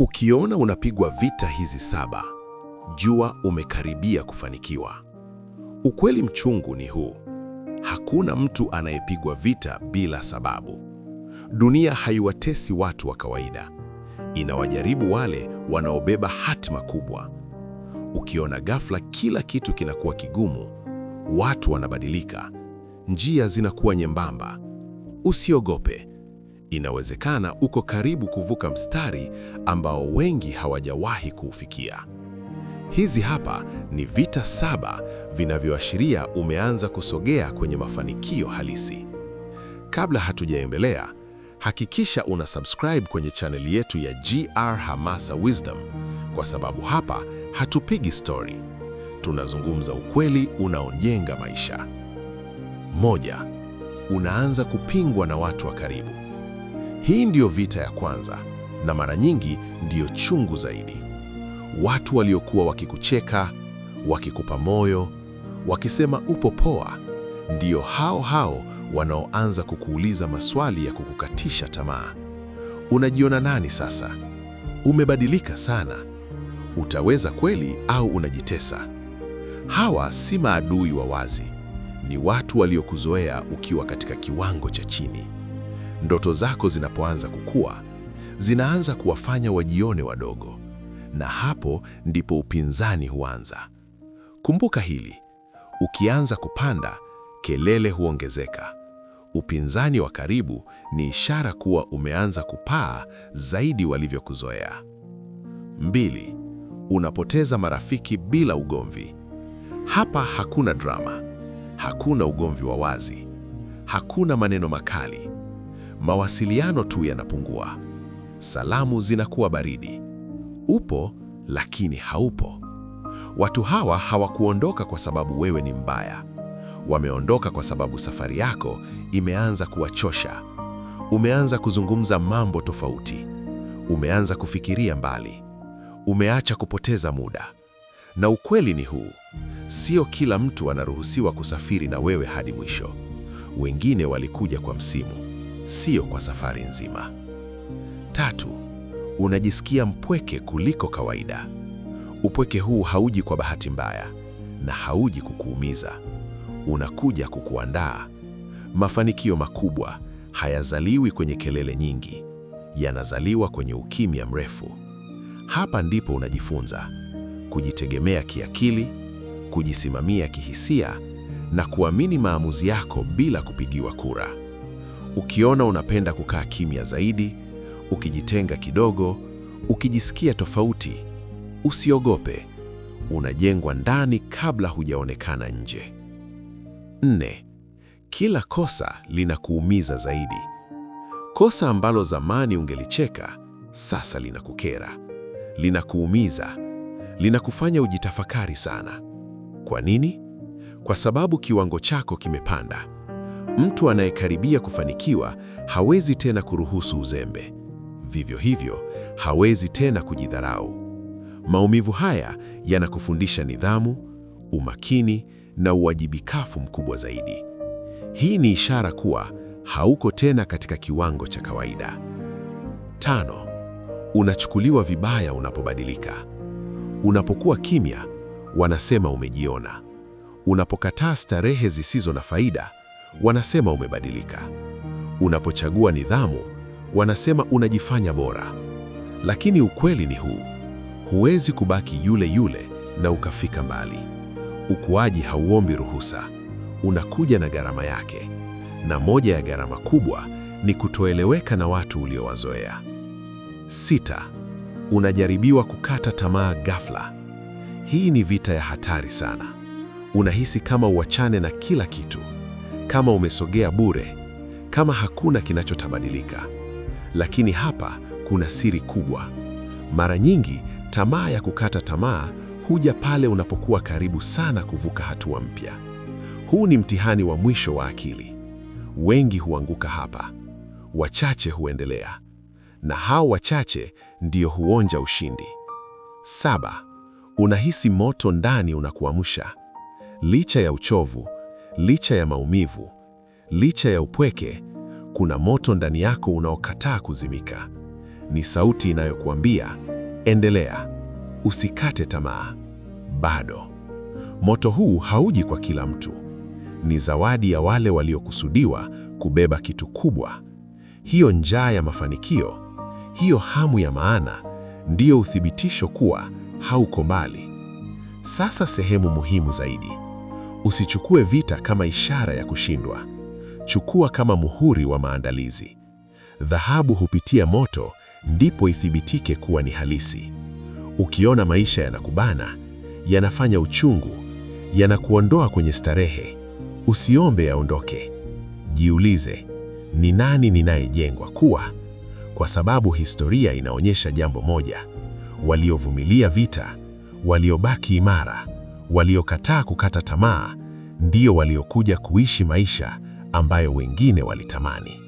Ukiona unapigwa vita hizi saba, jua umekaribia kufanikiwa. Ukweli mchungu ni huu: hakuna mtu anayepigwa vita bila sababu. Dunia haiwatesi watu wa kawaida, inawajaribu wale wanaobeba hatima kubwa. Ukiona ghafla kila kitu kinakuwa kigumu, watu wanabadilika, njia zinakuwa nyembamba, usiogope inawezekana uko karibu kuvuka mstari ambao wengi hawajawahi kuufikia. Hizi hapa ni vita saba vinavyoashiria umeanza kusogea kwenye mafanikio halisi. Kabla hatujaendelea, hakikisha una subscribe kwenye chaneli yetu ya GR Hamasa Wisdom, kwa sababu hapa hatupigi stori, tunazungumza ukweli unaojenga maisha. Moja, unaanza kupingwa na watu wa karibu. Hii ndiyo vita ya kwanza, na mara nyingi ndiyo chungu zaidi. Watu waliokuwa wakikucheka, wakikupa moyo, wakisema upo poa, ndiyo hao hao wanaoanza kukuuliza maswali ya kukukatisha tamaa. Unajiona nani sasa? Umebadilika sana. Utaweza kweli au unajitesa? Hawa si maadui wa wazi, ni watu waliokuzoea ukiwa katika kiwango cha chini. Ndoto zako zinapoanza kukua, zinaanza kuwafanya wajione wadogo, na hapo ndipo upinzani huanza. Kumbuka hili, ukianza kupanda, kelele huongezeka. Upinzani wa karibu ni ishara kuwa umeanza kupaa zaidi walivyokuzoea. Mbili, unapoteza marafiki bila ugomvi. Hapa hakuna drama, hakuna ugomvi wa wazi, hakuna maneno makali mawasiliano tu yanapungua, salamu zinakuwa baridi, upo lakini haupo. Watu hawa hawakuondoka kwa sababu wewe ni mbaya, wameondoka kwa sababu safari yako imeanza kuwachosha. Umeanza kuzungumza mambo tofauti, umeanza kufikiria mbali, umeacha kupoteza muda. Na ukweli ni huu, sio kila mtu anaruhusiwa kusafiri na wewe hadi mwisho. Wengine walikuja kwa msimu sio kwa safari nzima. Tatu, unajisikia mpweke kuliko kawaida. Upweke huu hauji kwa bahati mbaya na hauji kukuumiza, unakuja kukuandaa. Mafanikio makubwa hayazaliwi kwenye kelele nyingi, yanazaliwa kwenye ukimya mrefu. Hapa ndipo unajifunza kujitegemea kiakili, kujisimamia kihisia na kuamini maamuzi yako bila kupigiwa kura. Ukiona unapenda kukaa kimya zaidi, ukijitenga kidogo, ukijisikia tofauti, usiogope. Unajengwa ndani kabla hujaonekana nje. Nne, kila kosa linakuumiza zaidi. Kosa ambalo zamani ungelicheka sasa linakukera, linakuumiza, linakufanya ujitafakari sana. Kwa nini? Kwa sababu kiwango chako kimepanda. Mtu anayekaribia kufanikiwa hawezi tena kuruhusu uzembe. Vivyo hivyo, hawezi tena kujidharau. Maumivu haya yanakufundisha nidhamu, umakini na uwajibikafu mkubwa zaidi. Hii ni ishara kuwa hauko tena katika kiwango cha kawaida. Tano, unachukuliwa vibaya unapobadilika. Unapokuwa kimya, wanasema umejiona. Unapokataa starehe zisizo na faida, wanasema umebadilika. Unapochagua nidhamu, wanasema unajifanya bora. Lakini ukweli ni huu, huwezi kubaki yule yule na ukafika mbali. Ukuaji hauombi ruhusa, unakuja na gharama yake, na moja ya gharama kubwa ni kutoeleweka na watu uliowazoea. Sita, unajaribiwa kukata tamaa ghafla. Hii ni vita ya hatari sana. Unahisi kama uachane na kila kitu kama umesogea bure, kama hakuna kinachotabadilika. Lakini hapa kuna siri kubwa. Mara nyingi tamaa ya kukata tamaa huja pale unapokuwa karibu sana kuvuka hatua mpya. Huu ni mtihani wa mwisho wa akili. Wengi huanguka hapa, wachache huendelea, na hao wachache ndio huonja ushindi. Saba, unahisi moto ndani unakuamsha. Licha ya uchovu, licha ya maumivu, licha ya upweke, kuna moto ndani yako unaokataa kuzimika. Ni sauti inayokuambia endelea, usikate tamaa, bado. Moto huu hauji kwa kila mtu, ni zawadi ya wale waliokusudiwa kubeba kitu kubwa. Hiyo njaa ya mafanikio, hiyo hamu ya maana, ndiyo uthibitisho kuwa hauko mbali. Sasa sehemu muhimu zaidi. Usichukue vita kama ishara ya kushindwa, chukua kama muhuri wa maandalizi. Dhahabu hupitia moto, ndipo ithibitike kuwa ni halisi. Ukiona maisha yanakubana, yanafanya uchungu, yanakuondoa kwenye starehe, usiombe yaondoke. Jiulize, ni nani ninayejengwa kuwa? Kwa sababu historia inaonyesha jambo moja: waliovumilia vita waliobaki imara Waliokataa kukata tamaa ndio waliokuja kuishi maisha ambayo wengine walitamani.